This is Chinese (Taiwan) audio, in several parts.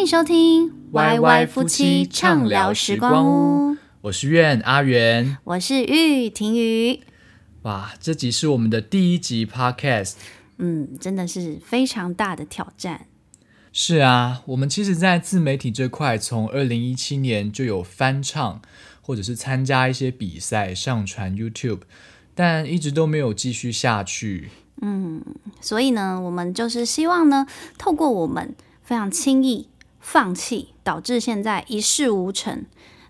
歡迎收聽《YY 夫妻暢聊時光屋》。我是苑阿元，我是玉婷瑜。哇，這集是我們的第一集 Podcast。嗯，真的是非常大的挑戰。是啊，我們其實，在自媒體這塊，從二零一七年就有翻唱，或者是參加一些比賽，上傳 YouTube，但一直都沒有繼續下去。嗯，所以呢，我們就是希望呢，透過我們非常輕易。放棄導致現在一事無成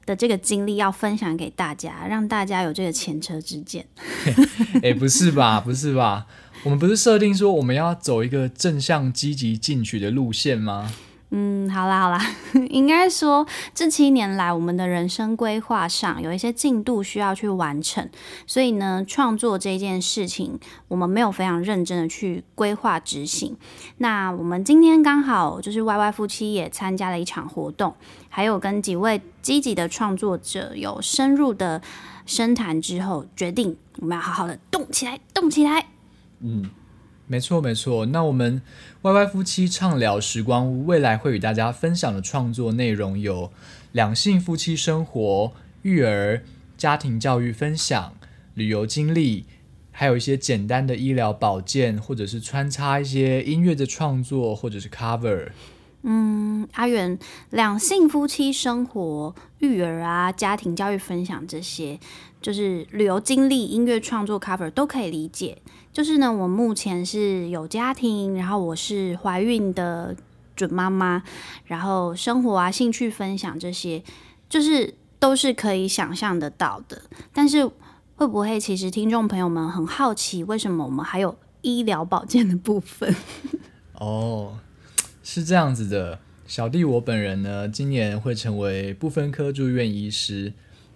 的這個經歷，要分享給大家，讓大家有這個前車之鑑。也、 欸欸、不是吧，不是吧， 我們不是設定說我們要走一個正向、積極、進取的路線嗎？嗯，好啦，好啦。 應該說這七年來我們的人生規劃上有一些進度需要去完成，所以呢，創作這件事情我們沒有非常認真的去規劃執行。那我們今天剛好就是 YY 夫妻也參加了一場活動，還有跟幾位積極的創作者有深入的深談之後，決定我們要好好的動起來，動起來。嗯。沒錯，沒錯。那我們 YY 夫妻暢聊時光屋，未來會與大家分享的創作內容有兩性夫妻生活、育兒、家庭教育分享、旅遊經歷，還有一些簡單的醫療保健，或者是穿插一些音樂的創作，或者是 cover。嗯，阿遠，兩性夫妻生活、育兒啊、家庭教育分享這些，就是旅遊經歷、音樂創作、cover 都可以理解。就是呢，我目前是有家庭，然後我是懷孕的準媽媽，然後生活啊、興趣分享這些，就是都是可以想象得到的。但是會不會其實聽眾朋友們很好奇，為什麼我們還有醫療保健的部分？哦。Oh. 是這樣子的，小弟我本人呢，今年會成為不分科住院醫師，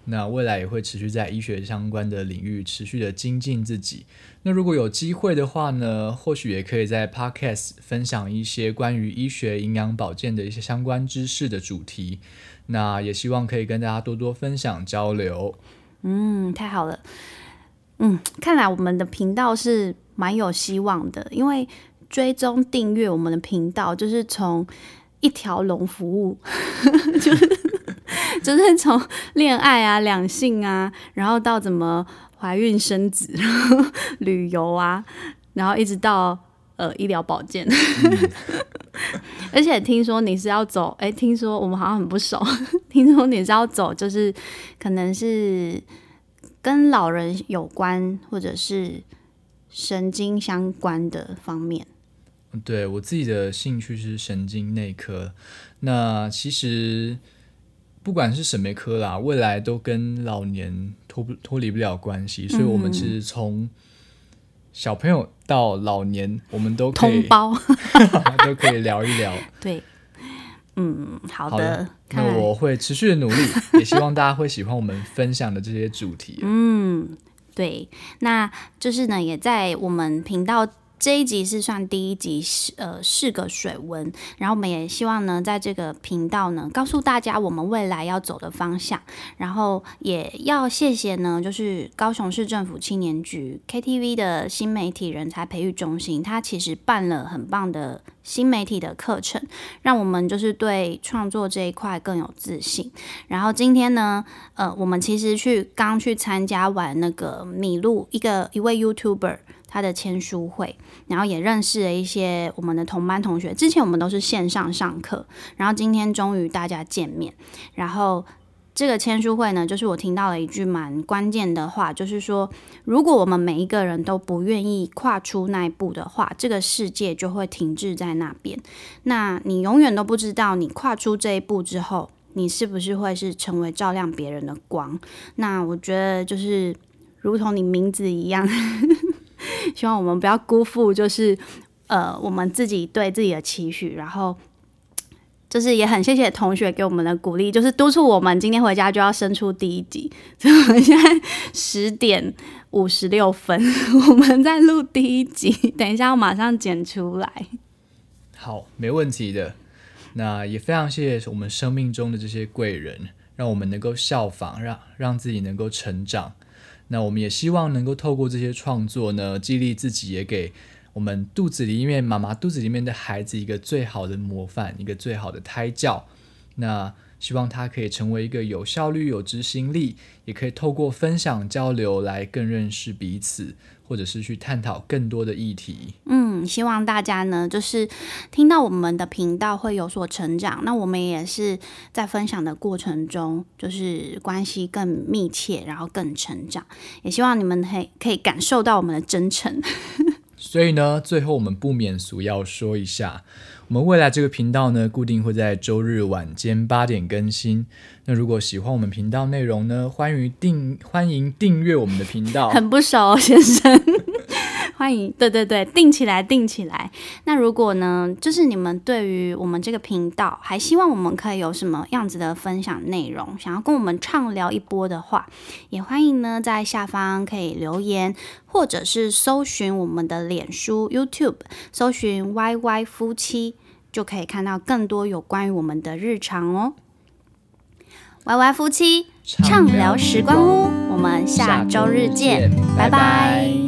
那未來也會持續在醫學相關的領域持續的精進自己。那如果有機會的話呢，或許也可以在 Podcast 分享一些關於醫學、營養、保健的一些相關知識的主題。那也希望可以跟大家多多分享交流。嗯，太好了。嗯，看來我們的頻道是蠻有希望的，因為。追蹤訂閱我們的頻道，就是從一條龍服務， 就是就是從戀愛啊、兩性啊，然後到怎麼懷孕生子、然後旅遊啊，然後一直到呃醫療保健。 而且聽說你是要走，哎，聽說我們好像很不熟。聽說你是要走，就是可能是跟老人有關，或者是神經相關的方面。對，我自己的興趣是神經內科，那其實不管是什麼科啦，未來都跟老年脫不脫離不了關係，嗯，所以我們其實從小朋友到老年，我們都可以 都可以聊一聊。 對，嗯，好的，好的，那我會持續的努力，也希望大家會喜歡我們分享的這些主題。嗯，對，那就是呢，也在我們頻道。這一集是算第一集，是呃試個水溫。然後我們也希望呢，在這個頻道呢，告訴大家我們未來要走的方向，然後也要謝謝呢，就是高雄市政府青年局 KTV 的新媒體人才培育中心，他其實辦了很棒的新媒體的課程，讓我們就是對創作這一塊更有自信。然後今天呢，呃，我們其實去剛去參加完那個米露一個一位 YouTuber。他的簽書會，然後也認識了一些我們的同班同學。之前我們都是線上上課，然後今天終於大家見面。然後這個簽書會呢，就是我聽到了一句蠻關鍵的話，就是說，如果我們每一個人都不願意跨出那一步的話，這個世界就會停滯在那邊。那你永遠都不知道，你跨出這一步之後，你是不是會是成為照亮別人的光？那我覺得就是如同你名字一樣。 希望我們不要辜負，就是呃，我們自己對自己的期許。然後，就是也很謝謝同學給我們的鼓勵，就是督促我們今天回家就要生出第一集。所以，我們現在十點五十六分，我們在錄第一集。等一下，我馬上剪出來。好，沒問題的。那也非常謝謝我們生命中的這些貴人，讓我們能夠效仿，讓讓自己能夠成長。那我們也希望能夠透過這些創作呢，激勵自己，也給我們肚子裡面、媽媽肚子裡面的孩子一個最好的模範，一個最好的胎教。那希望他可以成為一個有效率、有執行力，也可以透過分享交流來更認識彼此。或者是去探討更多的議題。嗯，希望大家呢，就是聽到我們的頻道會有所成長。那我們也是在分享的過程中，就是關係更密切，然後更成長。也希望你們可以可以感受到我們的真誠。 所以呢，最後我們不免俗要說一下，我們未來這個頻道呢，固定會在週日晚間八點更新。那如果喜歡我們頻道內容呢，歡迎訂，歡迎訂閱我們的頻道。很不少哦，先生。 歡迎，對對對，定起來，定起來。那如果呢，就是你們對於我們這個頻道，還希望我們可以有什麼樣子的分享內容，想要跟我們暢聊一波的話，也歡迎呢，在下方可以留言，或者是搜尋我們的臉書、YouTube，搜尋 YY 夫妻，就可以看到更多有關於我們的日常哦。YY 夫妻暢聊時光屋，我們下週日見，日見拜拜。拜拜。